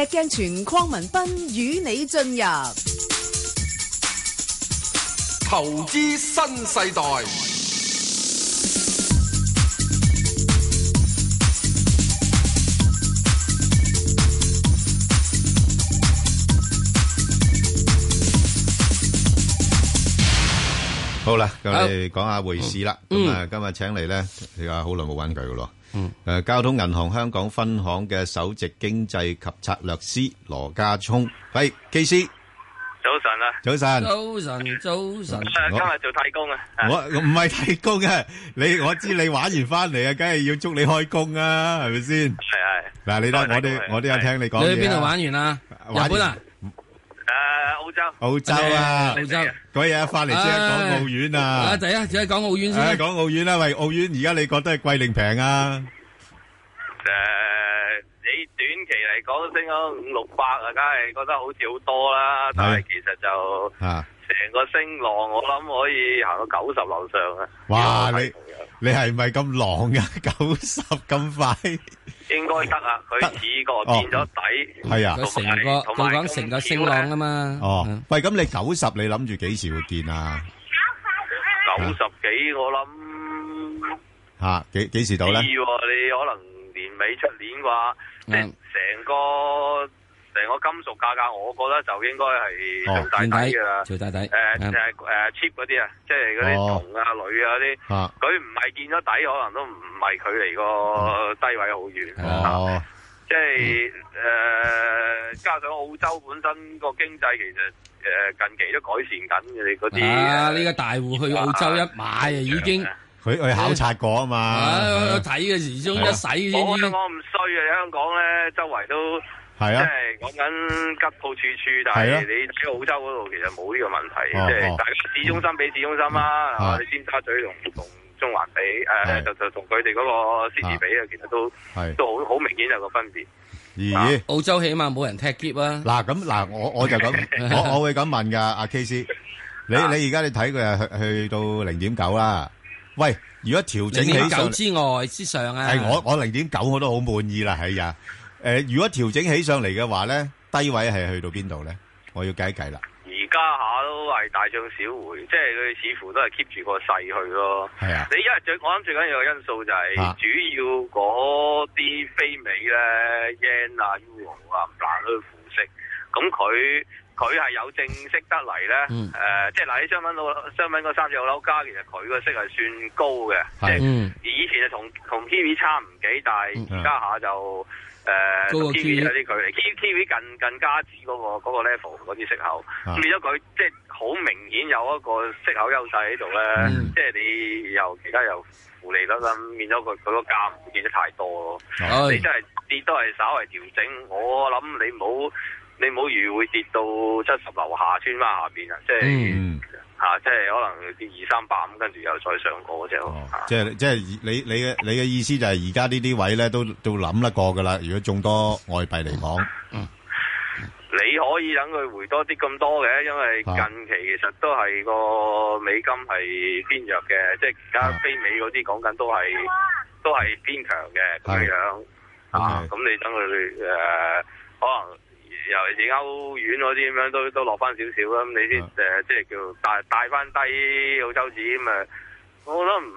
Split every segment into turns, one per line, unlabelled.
石鏡泉鄺文斌與你進入
投資新世代。
好啦，咁我哋講下匯市啦。咁啊、嗯，今日請嚟咧，你話好耐冇玩佢噶咯。嗯，誒，交通銀行香港分行嘅首席經濟及策略師羅家聰，喂，KC，早晨啊。早晨，
早晨，早晨啊，今日做替工啊？我我唔係替工啊，
你我知你玩完翻嚟啊，梗係要捉你開工啊，係咪先？係係，嗱，你都我啲我都有聽你講嘢，去邊度玩完
啊？日本啊？
澳洲啊，澳洲，嗰日返嚟先講澳元啊，第一隻係講澳元先，講澳元啦。喂，澳元而家你覺得係貴定平啊？
誒，你短期嚟講升咗五六百啊，梗係覺得好似好多啦，但係其實就，啊，成個升浪我諗可以行到九十樓上啊！
哇，你你係咪咁狼噶？九十咁快？
應該得啊，佢整個見咗底，佢成個做緊成個升浪
啊嘛。哦，喂，咁你九十你諗住幾時會見啊？九
十幾，我諗
吓幾幾時到咧？
你可能年尾出年嘅話，即係成個。成個金屬價格，我覺得就應該係最底底嘅啦，最底底。誒誒 cheap 嗰啲啊，即係嗰啲銅啊、鋁啊嗰啲。佢唔係見咗底，可能都唔係距離個低位好遠。哦，即係誒，加上澳洲本身個經濟其實誒近期都改善緊，你嗰啲啊，呢個
大戶去澳洲一買啊已經，
佢
去考察過啊嘛。睇
嘅時鐘一使，我唔衰啊！香港咧，周圍都。係啊！即係講緊吉舖處處，但係你喺澳洲嗰度其實冇呢個問題，即係大家市中心比市中心啦，吓你尖沙咀同同中環比，誒就就同佢哋嗰個 City 比啊，其實都都好好明顯有個分別。
咦？澳洲起碼冇人踢 keep 啊！嗱咁嗱，我我就咁，我我會咁問噶，阿 KC，你你而家你睇佢去去到零點九啦？喂，如果調整起九之
外之上啊？係，我
我零點九我都好滿意啦，係啊！誒、呃，如果調整起上嚟嘅話咧，低位係去到邊度咧？我要計一計啦。而
家下都係大漲小回，即係佢似乎都係 keep 住個勢去咯。係啊，你因為最我諗最緊要嘅因素就係主要嗰啲非美咧，yen 啊、u 啊，唔難去負息。咁佢佢係有正息得嚟咧。誒、嗯呃，即係嗱，啲商品佬、商品三隻澳紐加，其實佢個息係算高嘅，即係以前啊同同 kiwi 差唔幾，但係而家下就。嗯嗯誒 TV 有啲距離，TV 近更加止嗰、嗰個嗰個 level 嗰啲息口，啊、變咗佢即係好明顯有一個息口優勢喺度咧，即係、嗯、你又其他又負利率，咁變咗佢佢個價唔會跌得太多咯。哎、你真係跌都係稍為調整，我諗你唔好你唔好預會跌到七十樓下穿翻下邊啊！即、就、係、是。嗯吓、啊，即係可能跌二三百咁，跟住又再上過
啫、哦啊。即係即係你你嘅你嘅意思就係而家呢啲位咧都都諗得過噶啦，如果眾多外幣嚟講。
嗯、你可以等佢回多啲咁多嘅，因為近期其實都係個美金係偏弱嘅，即係而家非美嗰啲講緊都係都係偏強嘅咁樣啊，咁你等佢誒，可能。尤其是歐元嗰啲咁樣都都落翻少少啦，咁你啲，誒、嗯，即係叫帶帶翻低澳洲紙咁啊，我覺得唔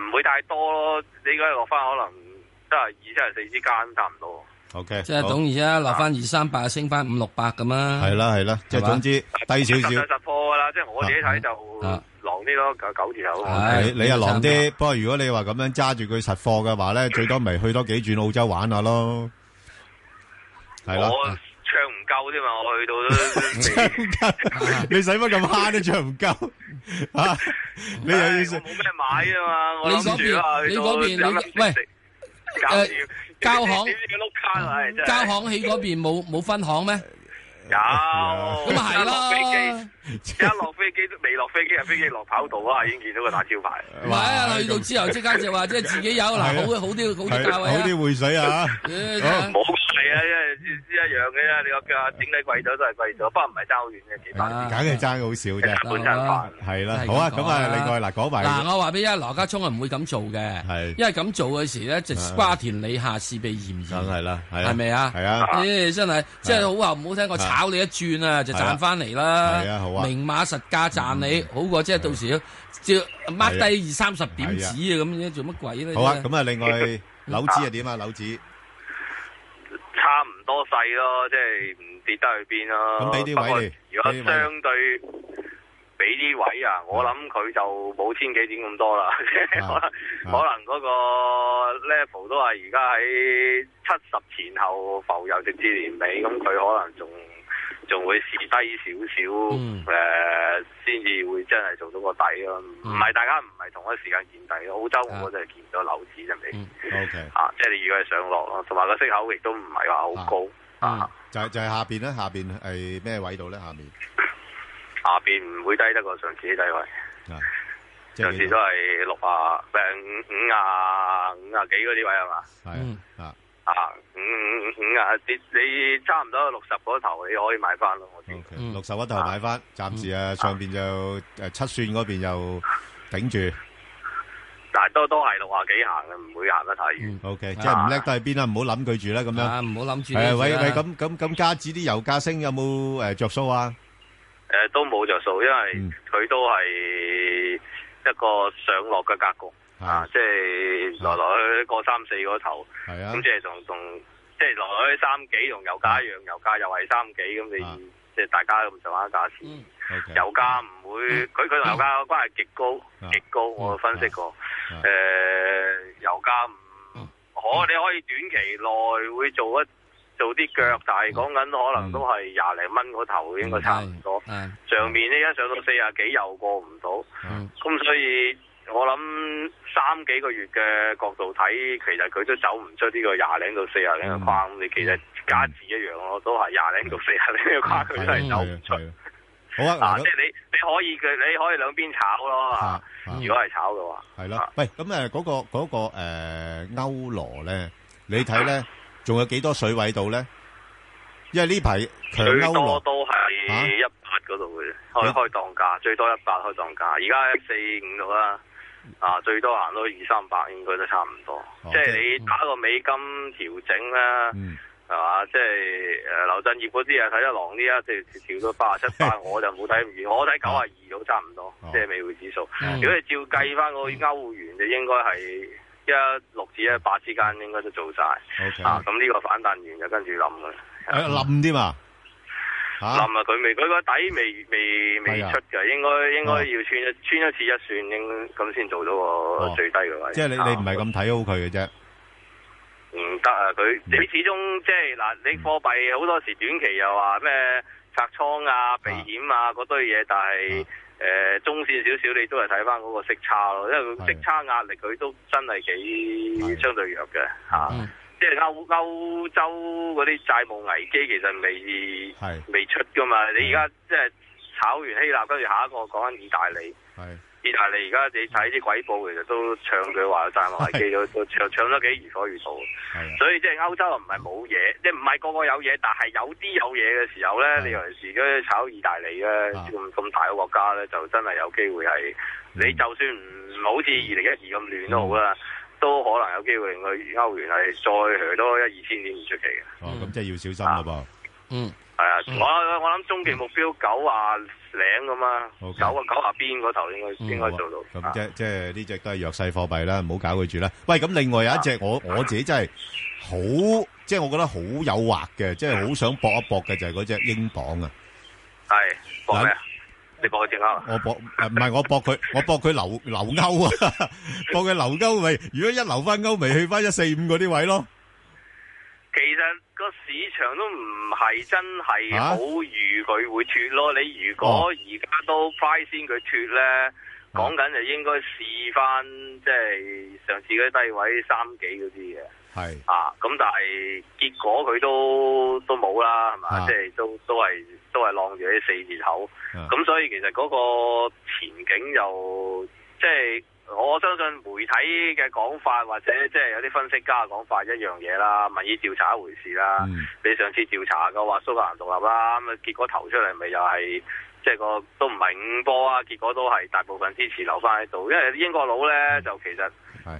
唔會太多咯。呢個落翻可能七十二、七十四之間差唔多。O K，即係總而家落翻
二三百，升翻五六百咁啦。係啦，係啦，即係總之低少少。
實實貨噶啦，即係我自己睇就狼啲咯，的啊、九字頭、
哎、你你係狼啲，不過個如果你話咁樣揸住佢實貨嘅話咧，最多咪去多幾轉澳洲玩下咯。我
啊。的夠添、 哎、嘛？我去到，都，唱得，你使乜咁慳都仲唔夠？啊！你又冇咩買啊嘛？你嗰邊，你嗰邊，你喂，交行，交，嗯、
交行喺嗰邊冇冇分行咩？
有咁咪係咯？ 即刻落飛機都未落飛機，飛機落跑道啊！已經見到個大招牌。唔
係啊，去到之後
即刻就話，即係自己有嗱，好嘅好啲，好啲啊，好啲匯水啊嚇。好唔好啊？係啊，一係一一樣
嘅
啫。你個價整體貴咗都係貴咗，不過唔係爭好遠嘅事。梗係爭好少啫，冇爭過。係啦，好啊，咁啊，另外嗱講埋。嗱，我話俾你，因為羅家聰係唔會
咁做嘅，因為咁做嗰時咧，就瓜田李下事被嫌疑。係啦，係咪啊？係啊！咦，真係，即係好話唔好聽，我炒你一轉啊，就賺翻嚟啦。係啊，好啊。明碼實價賺你，好過即係到時要，即係掹低二三十點子啊
咁樣，做乜鬼咧？好啊，咁啊，另外樓指係點啊？樓指
差唔多細咯，即係唔跌得去邊咯？咁俾啲位，如果相對俾啲位啊，我諗佢就冇千幾點咁多啦，可能嗰個 level 都係而家喺七十前後浮遊，直至年尾，咁佢可能仲～仲會試低少少，誒先至會真係做到個底咯，啊。唔係、嗯、大家唔係同一時間見底嘅。澳洲我就係見唔到樓市入面。O K 啊，即係你如果係上落咯，同埋個息口亦都唔係話好高
啊。就係、就係、係、下邊咧，下邊係咩位度咧？下面？
下邊唔會低得過上次啲低位。啊、
上次都
係六、嗯、啊，誒五五啊五啊幾嗰啲位係嘛？係啊。嗯嗯嗯啊，你你差唔多六十嗰頭你可以買翻咯，我
見六十嗰頭買翻，暫時啊上邊就誒七算嗰邊又頂住，
但係都都係六啊幾行嘅，唔會行得太遠。O K，即係唔叻得去
邊啦，唔好諗佢住啦，咁樣。啊，唔好諗住。誒，喂喂，咁咁咁，加紙啲油價升有冇誒着數啊？
誒，都冇着數，因為佢都係一個上落嘅格局。啊，即係來來去去過三四嗰頭，咁即係同同，即係來來去去三幾，同油價一樣，油價又係三幾，咁你即係大家咁上下價錢。油價唔會，佢佢油價嘅關係極高極高，我分析過。誒，油價唔可，你可以短期內會做一做啲腳，但係講緊可能都係廿零蚊嗰頭，應該差唔多。上面呢一上到四廿幾又過唔到，咁所以。我諗三幾個月嘅角度睇，其實佢都走唔出呢個廿零到四廿零嘅框。你、嗯、其實加字一樣咯，都係廿零到四廿零嘅框，佢、嗯、都係走唔出。
好啊，嗱、
嗯，即係你你可以佢，你可以兩邊炒咯、啊啊、如果係炒嘅話，
係咯的。啊、喂，咁誒、嗰個，嗰、嗰個嗰、嗰個誒歐羅咧，你睇咧，仲、啊、有幾多水位度咧？因為呢排強歐羅都係
一百嗰度嘅，啊、可以開檔價最多一百開檔價，而家一四五度啦。啊，最多行到二三百應該都差唔多，Okay. 即係你打個美金調整啦。係嘛，嗯，即係誒劉振業嗰啲啊，睇一浪啲啊，即係調到八十七八，我就冇睇唔完，我睇九十二都差唔多，哦，即係美匯指數。嗯，如果你照計翻個歐元，就應該係一六至一八之間，應該都做晒。Okay. 啊，咁呢個反彈完就
跟住冧㗎喇，誒，嗯，冧啲啊！冧啊！佢未，
佢個底未未未出嘅，啊，應該應該要穿穿一,一次一算，應咁先做到個最低
嘅位，哦。即係你你唔係咁睇好佢嘅啫，
唔得啊！佢你，嗯、你始終即係嗱，你貨幣好多時短期又話咩拆倉啊、避險啊嗰、啊、堆嘢，但係誒、啊呃、中線少少你都係睇翻嗰個息差咯，因為佢息差壓力佢都真係幾相對弱嘅吓。啊即係歐歐洲嗰啲債務危機其實未是未出噶嘛。嗯、你而家即係炒完希臘，跟住下一個講緊意大利。是意大利而家你睇啲鬼報，其實都唱佢話，債務危機都，是都唱唱得幾如火如荼。的所以即係歐洲又唔係冇嘢，即係唔係個個有嘢，但係有啲有嘢嘅時候咧，的你尤其是咧炒意大利咧，咁咁的大嘅國家咧，就真係有機會係你就算唔好似二零一二咁亂都好啦。都可能有機會令佢歐
元係再去多一二千點唔出奇嘅。哦，咁
即係要小心咯噃。嗯，係啊，我我諗中期目標九啊零咁啊，九啊九啊邊嗰頭應該應該
做到。咁即即係呢隻都係弱勢貨幣啦，唔好搞佢住啦。喂，咁另外有一隻我我自己真係好，即係我覺得好誘惑嘅，即係好想搏一搏嘅就係嗰隻英鎊啊。係搏咩啊？你搏隻 啊？我搏唔係我搏佢，我搏佢留留歐啊，搏佢留歐咪，如果一留翻歐咪去翻一四五嗰啲位咯。
其實個市場都唔係真係好預佢會脫咯。你如果而家都 price 先佢脫咧，講緊就應該試翻即係上次嗰啲低位三幾嗰啲嘅。係是啊，咁但係結果佢都都冇啦，係嘛？啊、即係都都係都係浪住喺四字頭，咁、啊、所以其實嗰個前景又即係。我相信媒體嘅講法，或者即係有啲分析家嘅講法一樣嘢啦，民意調查一回事啦。嗯、你上次調查嘅話蘇格蘭獨立啦，咁啊結果投出嚟咪又係即係個都唔係五波啊，結果都係大部分支持留翻喺度，因為英國佬咧、嗯、就其實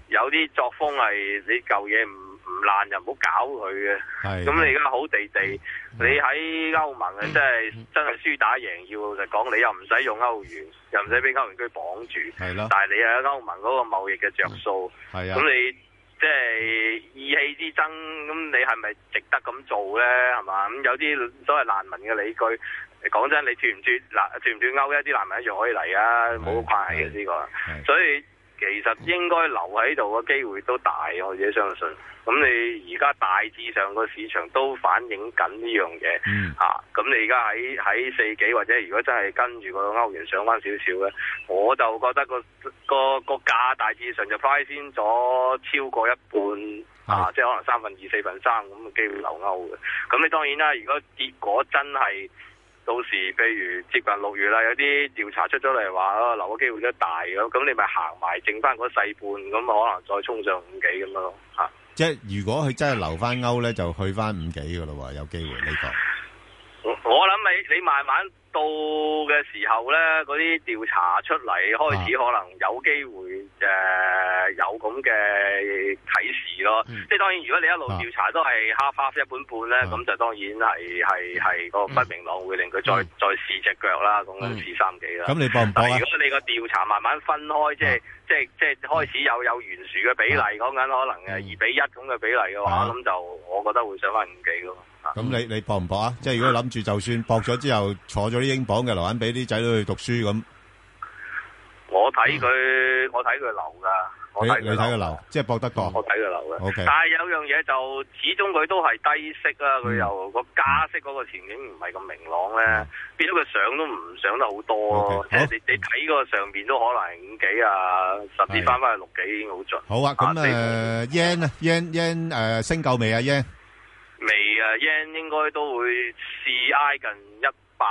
有啲作風係你舊嘢唔的唔爛就唔好搞佢嘅，咁的、啊、你而家好地地，你喺歐盟啊，嗯、真係真係輸打贏要老實講，你又唔使用，用歐元，又唔使俾歐元區綁住，係咯的。但係你喺歐盟嗰個貿易嘅着數，係、嗯、啊。咁你即係意氣之爭，咁你係咪值得咁做咧？係嘛？咁有啲所謂難民嘅理據，講真，你脫唔脫嗱脫唔脫歐一啲難民仲可以嚟啊，冇關係嘅呢個，所以。其實應該留喺度嘅機會都大，我自己相信。咁你而家大致上個市場都反映緊呢樣嘢，嗯、啊，咁你而家喺喺四幾或者如果真係跟住個歐元上返少少咧，我就覺得個個個價大致上就 price in 咗超過一半是啊，即係可能三分二四分三咁嘅機會留歐嘅。咁你當然啦、啊，如果結果真係，到時，譬如接近六月啦，有啲調查出咗嚟話留個機會都大咁，咁你咪行埋，剩翻嗰細半，咁可能再衝上五幾咁咯嚇。
啊、即係如果佢真係留翻歐咧，就去翻五幾㗎咯，有機會呢個。我
我諗你你慢慢。到嘅時候咧，嗰啲調查出嚟開始可能有機會誒有咁嘅啟示咯。即係當然，如果你一路調查都係哈花一本半咧，咁就當然係係係個不明朗會令佢再再試隻腳啦。咁樣試三幾啦。咁你幫唔幫？如果你個調查慢慢分開，即係即係即係開始有有懸殊嘅比例，講緊可能誒二比一咁嘅比例嘅話，咁就我覺得會上翻五幾咯。
咁你你搏唔搏啊？即係如果諗住就算搏咗之後坐咗啲英鎊嘅留翻俾啲仔女去讀書咁。
我睇佢，我睇佢留噶。你你睇佢
留，即係搏得過。我睇佢
留嘅。但係有樣嘢就始終佢都係低息啊，佢又個加息嗰個前景唔係咁明朗咧，變咗佢上都唔上得好多咯。即係你你睇個上邊都可能係五幾啊，甚至翻翻去六幾已經好盡。好啊，咁誒
，yen 啊，yen yen 誒，升夠未啊，yen？
未啊，yen 應該都會試挨近一百。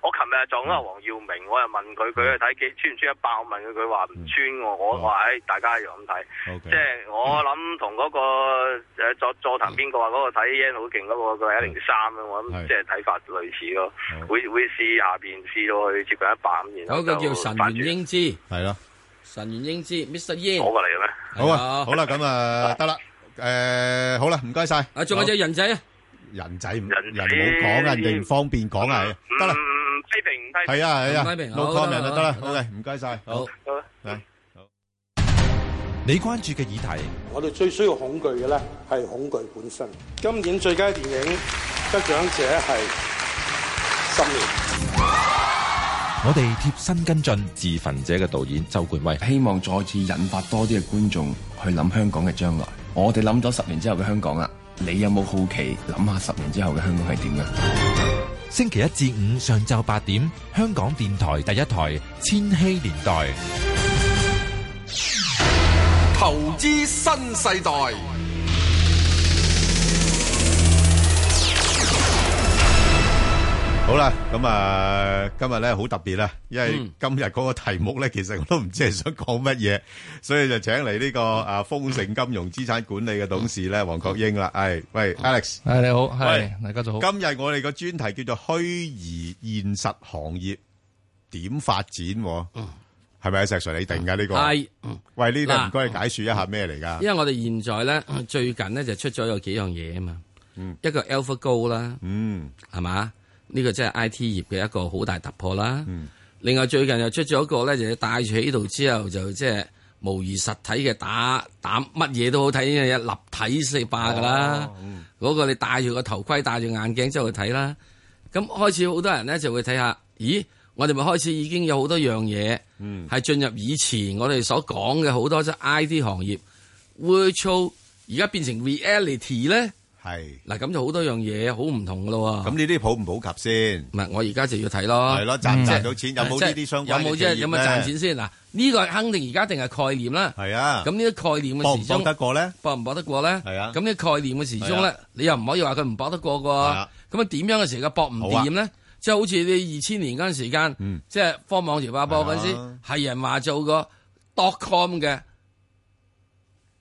我琴日撞咗阿黃耀明，我又問佢，佢去睇穿唔穿一百？我問佢，佢話唔穿喎。我話大家一樣咁睇，即係我諗同嗰個座座談邊個話？嗰個睇 yen 好勁嗰個，佢係一零三啊，我諗即係睇法類似咯，會會試下邊試到去接近一百咁，然
後就個叫神原英姿，係咯，神原英姿 Mr. Yen 好過嚟
嘅咩？
好啊，好啦，咁啊，得啦。誒，好啦，唔該晒。啊，仲有隻人仔啊，人仔唔人，冇講啊，人哋唔方便講啊。得啦，批評唔批評，係啊係啊，批評好過人啊，得啦，OK，唔該晒，好，好，係，好。你關注嘅議題，
我哋最需要恐懼嘅咧，係恐懼本身。今年最佳電影得獎者係《十年》。
我哋貼身跟進自焚者嘅導演周冠威，希望再次引發多啲嘅觀眾去諗香港嘅將來。我哋諗咗十年之後嘅香港啦，你有冇好奇諗下十年之後嘅香港係點呀？星期一至五上晝八點，香港電台第一台《千禧年代》，投資新世代。
好啦，咁啊，今日咧好特別啦，因為今日嗰個題目咧，其實我都唔知係想講乜嘢，所以就請嚟呢個啊豐盛金融資產管理嘅董事咧，黃國英啦，係喂 Alex，係你好，喂大家都好。今日我哋個專題叫做虛擬現實行業點發展，係咪啊石 Sir 你定噶呢個？係，喂呢個唔該你解說一下咩嚟噶？因
為我哋現在咧最近咧就出咗有幾樣嘢啊嘛，一個 Alpha Go 啦，嗯，係嘛？呢個真係 I T 業嘅一個好大突破啦。嗯、另外最近又出咗一個咧，就是、戴住喺度之後就即係模擬實體嘅打打乜嘢都好睇，呢樣嘢立體四百噶啦。嗰、哦嗯、個你戴住個頭盔、戴住眼鏡之後去睇啦。咁、嗯、開始好多人咧就會睇下，咦？我哋咪開始已經有好多樣嘢係、嗯、進入以前我哋所講嘅好多即 I T 行業，virtual 而家變成 reality 咧。係嗱，咁就好多樣嘢，好唔同噶咯。咁呢啲普唔普及先？唔係，我而家就要睇咯。係咯，賺唔賺到錢？有冇呢啲相關有冇即係有冇賺錢先？嗱，呢個係肯定而家定係概念啦。係啊。咁呢啲概念嘅時鐘博唔博得過咧？博唔博得過咧？係啊。咁呢啲概念嘅時鐘咧，你又唔可以話佢唔博得過噶。咁啊，點樣嘅時候博唔掂咧？即係好似你二千年嗰陣時間，即係方望潮百貨嗰陣時，係人話做個 dot com 嘅，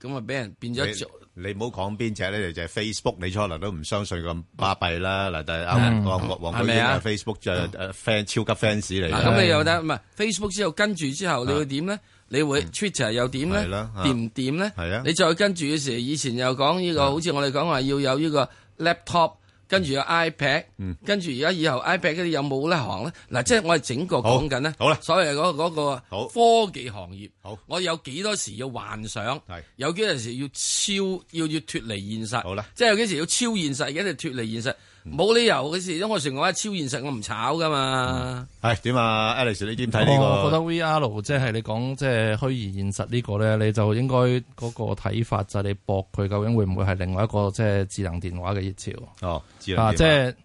咁啊俾人變咗做。你唔好講邊隻呢，就係 Facebook。你，book，你初嚟都唔相信咁巴閉啦。嗱、嗯，就係阿黃國英、啊、Facebook 就、uh，誒 fan 超級 fans 嚟。咁、嗯啊、你
又得唔係？Facebook 之後跟住之後，你會點咧？你會、嗯、Twitter 又點咧？掂唔掂咧？你再跟住嘅時候，以前又講呢、呢個、啊、好似我哋講話要有呢個 laptop。跟住有 iPad、嗯、跟住而家以後 iPad 啲有冇呢行咧？嗱，即係我哋整個講緊咧，好所謂嗰嗰個好科技行業，好我有幾多時要幻想，是有幾多時要超，要要脱離現實，好吧即係有幾時要超現實，而家就脱離現實。冇理由嘅事，因為我成句話超現實，我唔炒噶嘛。係點、嗯哎、啊
，Alex，你點睇呢個？我覺得
VR 即係你講即係虛擬現實呢、這個咧，你就應該嗰個睇法就係你駁佢究竟會唔會係另外一個即係智能電話嘅熱潮哦。啊，即係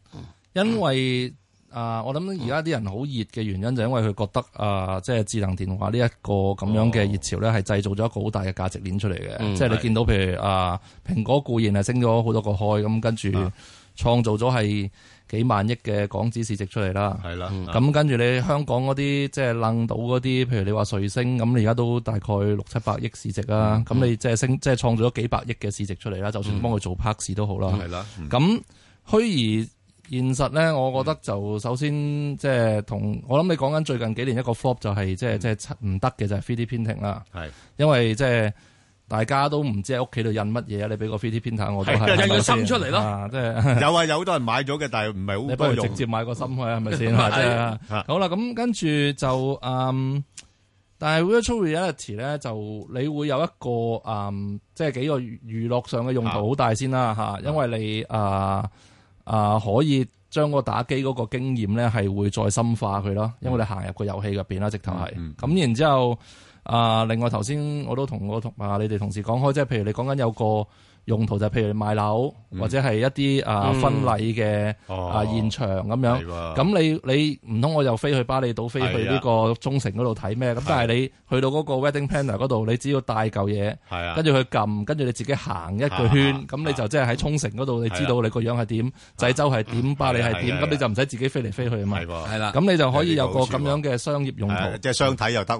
因為啊，我諗而家啲人好熱嘅原因就因為佢覺得啊，即係智能電話呢一個咁樣嘅熱潮咧，係製造咗一個好大嘅價值鏈出嚟嘅。即係、嗯、你見到譬如啊，蘋、呃、果固然係升咗好多個開，咁跟住、嗯。創造咗係幾萬億嘅港紙市值出嚟啦，係啦的。咁、嗯、跟住你香港嗰啲即係愣到嗰啲，譬如你話瑞星，咁你而家都大概六七百億市值啦、啊。咁、嗯、你即係升，即係創造咗幾百億嘅市值出嚟啦。就算幫佢做拍市都好啦。係啦、嗯。咁、嗯、虛擬現實咧，我覺得就首先即係、就是、同我諗你講緊最近幾年一個 fall 就係即係即係唔得嘅就係 3D printing 啦。係、就是，就是、的因為即係。就是大家都唔知喺屋企度印乜嘢、er, 啊！你俾個 printer 我都係印個心出嚟咯，即係 有啊
有好多人買咗嘅，但係唔係好多人用。你不如直接買個心去係咪先？係啊，哎、啊
好啦，咁跟住就嗯，但係 virtual reality 咧就你會有一個嗯，即、就、係、是、幾個娛樂上嘅用途好大先啦嚇，啊啊嗯、因為你啊啊可以將個打機嗰個經驗咧係會再深化佢咯，因為你行入個遊戲入邊啦，直頭係咁然之後。啊！另外頭先我都同我同啊你哋同事講開，即係譬如你講緊有個用途，就譬如你買樓或者係一啲啊婚禮嘅啊現場咁樣。咁你你唔通我又飛去巴厘島飛去呢個沖繩嗰度睇咩？咁但係你去到嗰個 Wedding Planner 嗰度，你只要帶嚿嘢，跟住去撳，跟住你自己行一個圈，咁你就即係喺沖繩嗰度，你知道你個樣係點，濟州係點，巴厘係點，咁你就唔使自己飛嚟飛去啊嘛。係啦，咁你就可以有個咁樣嘅商業用途，即係相睇又得。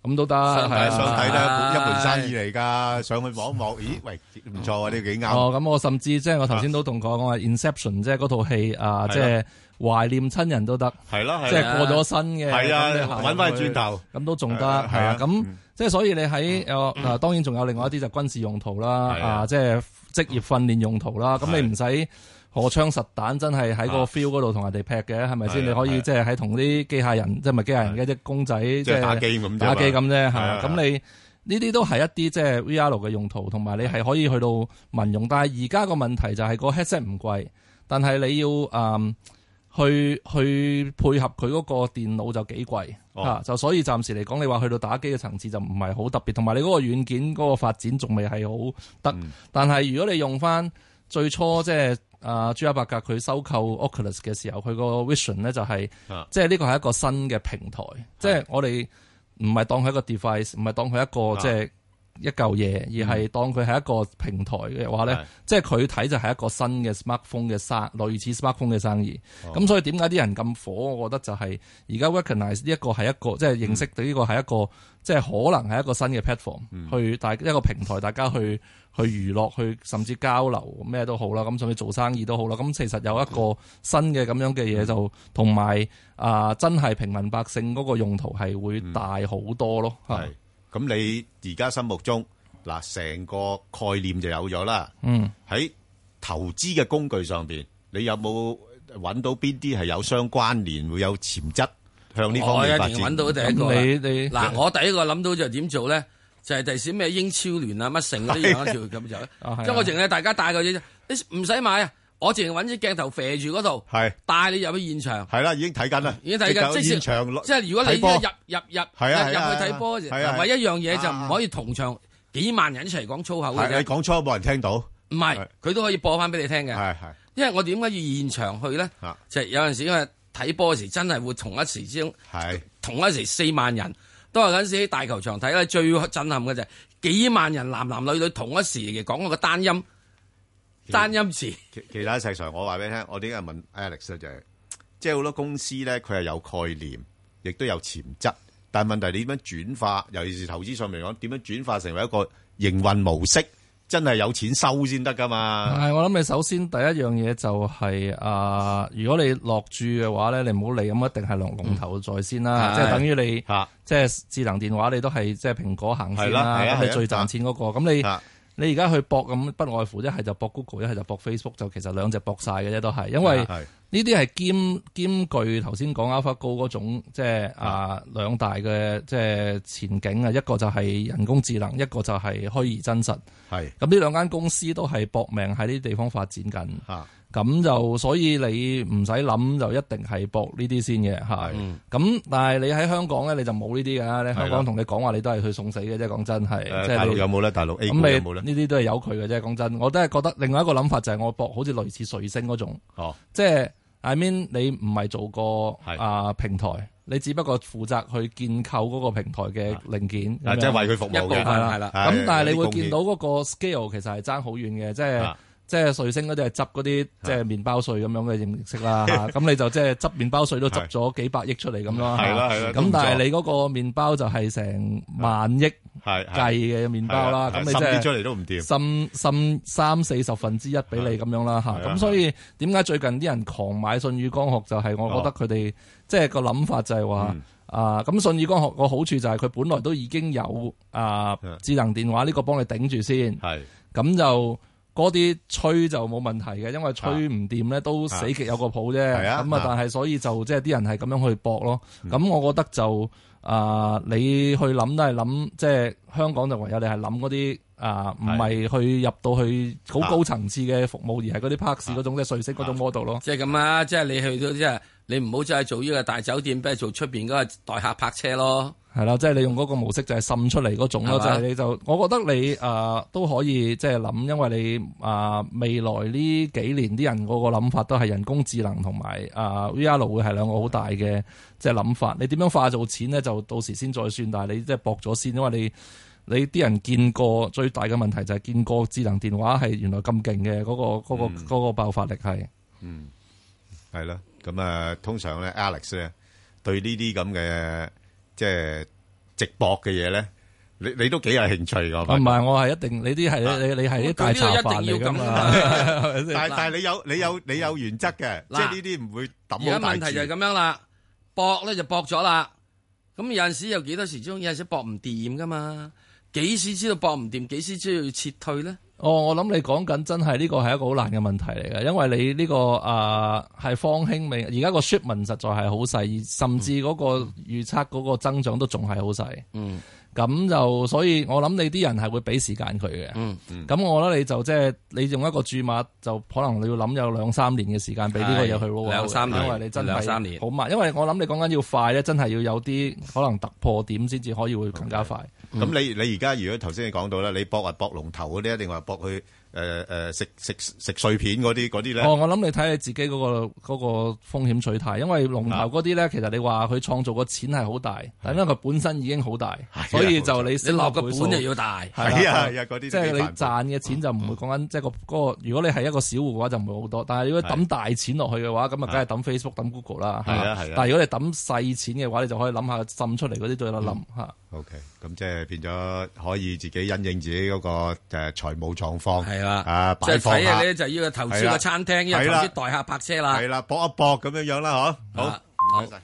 咁都得，係啊，上睇咧，一門生意
嚟噶，上去望一望，咦，喂，唔錯啊，呢幾啱。哦，咁
我甚至即係我頭先都同佢，我話《Inception》即係嗰套戲啊，即係懷念親人都得，係咯，即係過咗身嘅，係啊，揾翻轉頭，咁都仲得，係啊，咁即係所以你喺誒，當然仲有另外一啲就軍事用途啦，啊，即係職業訓練用途啦，咁你唔使。荷槍實彈真係喺個 feel 嗰度同人哋劈嘅係咪先？你可以即係喺同啲機械人，即係咪機械人嘅一隻公仔，即係打機咁啫嚇。咁你呢啲都係一啲即係 VR 嘅用途，同埋你係可以去到民用。但係而家個問題就係個 headset 唔貴，但係你要誒、嗯、去去配合佢嗰個電腦就幾貴嚇。就、哦啊、所以暫時嚟講，你話去到打機嘅層次就唔係好特別，同埋你嗰個軟件嗰個發展仲未係好得。但係如果你用翻最初即係、就是。啊，朱亞伯格佢收購 Oculus 嘅時候，佢、就是啊、個 vision 咧，就係，即係呢個係一個新嘅平台，啊、即係我哋唔係當佢一個 device，唔係當佢一個、啊、即係。一嚿嘢，而係當佢係一個平台嘅話咧，嗯、即係佢睇就係一個新嘅 smartphone 嘅生，類似 smartphone 嘅生意。咁、哦、所以點解啲人咁火？我覺得就係而家 recognize 呢一個係、嗯、一個，即係認識到呢個係一個，即係可能係一個新嘅 platform、嗯、去大一個平台，大家去去娛樂，去甚至交流咩都好啦。咁甚至做生意都好啦。咁其實有一個新嘅咁樣嘅嘢，就同埋啊，真係平民
百姓嗰個用途係會大好多咯。係、嗯。是咁你而家心目中嗱成個概念就有咗啦，嗯，喺投資嘅工具上邊，你有冇揾到邊啲係有相關聯，會有潛質向呢方面發展？揾到第一個，
嗱我第一個諗到就點做咧，就係第時咩英超聯啊乜剩都一樣，就咁就，我淨係大家帶個嘢啫，你唔使買啊。我淨係揾啲鏡頭肥住嗰度，係帶你入去現場。係啦，已經睇緊啦，已經睇緊。即係現場，即係如果你一入入入
入入去睇波嗰時，唔係一
樣嘢，就唔可以同場幾萬人一齊講粗口嘅啫。你
講粗口冇人聽到，
唔係佢都可以播翻俾你聽嘅。係係，因為我點解要現場去咧？就係有陣時因為睇波嗰時真係會同一時之中，係同一時四萬人都係嗰陣時喺大球場睇咧，最震撼嘅就係幾
萬人男男女女同一時嚟講一個單音。其單音詞。其其他事實上，我話俾你聽，我點解問 Alex 咧，就係即係好多公司咧，佢係有概念，亦都有潛質，但係問題你點樣轉化，尤其是投資上面講，點樣轉化成為一個營運模式，真係有錢收先得㗎嘛？
係，我諗你首先第一樣嘢就係、是、啊、呃，如果你落注嘅話咧，你唔好理咁一定係龍龍頭在先啦，即係的等於你即係的智能電話，你都係即係蘋果行先啦，係最賺錢嗰、那個。咁你。你而家去博，咁不外乎一係就博 Google，一係就博 Facebook，就其實兩隻博晒嘅啫都係，因為呢啲係兼兼具頭先講 AlphaGo 嗰種即係啊、呃、兩大嘅即係前景啊，一個就係人工智能，一個就係虛擬真實。係咁呢兩間公司都係搏命喺呢啲地方發展緊。啊！咁就所以你唔使諗就一定係博呢啲先嘅，係。咁但係你喺香港咧，你就冇呢啲嘅。你香港同你講話，你都係去送死嘅啫。講真係，即係。有冇咧？
大陸 A 股冇咧？呢啲
都係有佢嘅啫。講真，我都係覺得另外一個諗法就係我博，好似類似水星嗰種。哦。即係 i m e a n 你唔係做個啊平台，你只不過負責去建構嗰個平台嘅零件。即係為佢服務。係啦，係啦。咁但係你會見到嗰個 scale 其實係爭好遠嘅，即係。即係瑞星嗰啲係執嗰啲即係麵包碎咁樣嘅認識啦，咁你就即係執麵包碎都執咗幾百億出嚟咁咯。係啦係啦。咁但係你嗰個麵包就係成萬億計嘅麵包啦。咁你即係，出嚟都唔掂，甚甚三四十分之一俾你咁樣啦。咁所以點解最近啲人狂買舜宇光學就係，我覺得佢哋即係個諗法就係話啊，咁舜宇光學個好處就係佢本來都已經有啊智能電話呢個幫你頂住先。係咁就。嗰啲吹就冇問題嘅，因為吹唔掂咧都死極有個譜啫。咁啊，但係所以就即係啲人係咁樣去搏咯。咁、嗯、我覺得就啊、呃，你去諗都係諗即係香港就唯有你係諗嗰啲啊，唔、呃、係去入到去好高層次嘅服務，而係嗰啲 part 嗰種即係瑞士嗰種 model 咯。
即係咁啊！啊即係你去到即係。啊你唔好再做呢個大酒店，不如做出邊嗰個代客泊車咯。
係啦，即係你用嗰個模式就係滲出嚟嗰種咯，吧就係你就，我覺得你誒都可以即係諗，因為你誒未來呢幾年啲人嗰個諗法都係人工智能同埋誒 VR 會係兩個好大嘅即係諗法。你點樣化做錢咧？就到時先再算。但係你即係搏咗先，因為你你啲人見過、嗯、最大嘅問題就係見過智能電話係原來咁勁嘅嗰個嗰個嗰個爆發力係、
嗯。嗯，係啦。咁啊，通常咧，Alex 咧，對這這呢啲咁嘅即係直播嘅嘢咧，你你都幾有興趣噶？唔係，
我係一定，你啲係、啊、你你係啲大茶飯 但
係是 但係你有你有你有原則嘅，啊、即係呢啲唔會抌好大錢。而家問題就係咁樣啦，搏咧就搏咗
啦。咁有陣時又幾多時，中有陣時搏唔掂噶嘛？幾時知道搏唔掂？幾時知道要撤退咧？
哦，我諗你講緊，真係呢個係一個好難嘅問題嚟嘅，因為你呢、呢個啊係方興未？而家個 ship 實在係好細，甚至嗰個預測嗰個增長都仲係好細。嗯。嗯咁就所以，我諗你啲人係會俾時間佢嘅、嗯。嗯嗯。咁我覺得你就即係你用一個注碼，就可能你要諗有兩三年嘅時間俾呢個嘢去喎。兩三年，因為你真係好慢。因為我諗你講緊要快咧，真係要有啲可能突破點先至可以會更加快。
咁 Okay.、嗯、你你而家如果頭先你講到啦，你博話博龍頭嗰啲，一定話博去？誒誒、呃，食食食碎片嗰啲嗰啲咧？哦、喔，我
諗你睇下自己嗰、嗰個嗰、嗯、個風險取態，因為龍頭嗰啲咧，其實你話佢創造個錢係好大，的因為佢本身已經好大，啊、所以就你你落個本就要大。係啊係啊，啲即係你賺嘅錢就唔會講緊，即係個個。如果你係一個小戶嘅話，就唔會好多。但係如果抌大錢落去嘅話，咁啊，梗係抌 Facebook、抌 Google 啦。係啊係啊。但係如果你抌細錢嘅話，話，你就可以諗下滲出嚟嗰啲對啦，林 吓。啊 O
K. 咁即係變咗可以自己因應自己嗰個誒財務狀況，係啊，啊擺、就是、啊，個下，就要投資個餐廳，要投資代客泊車啦，係啦、啊啊，搏一搏咁樣樣啦，嗬，好唔該晒。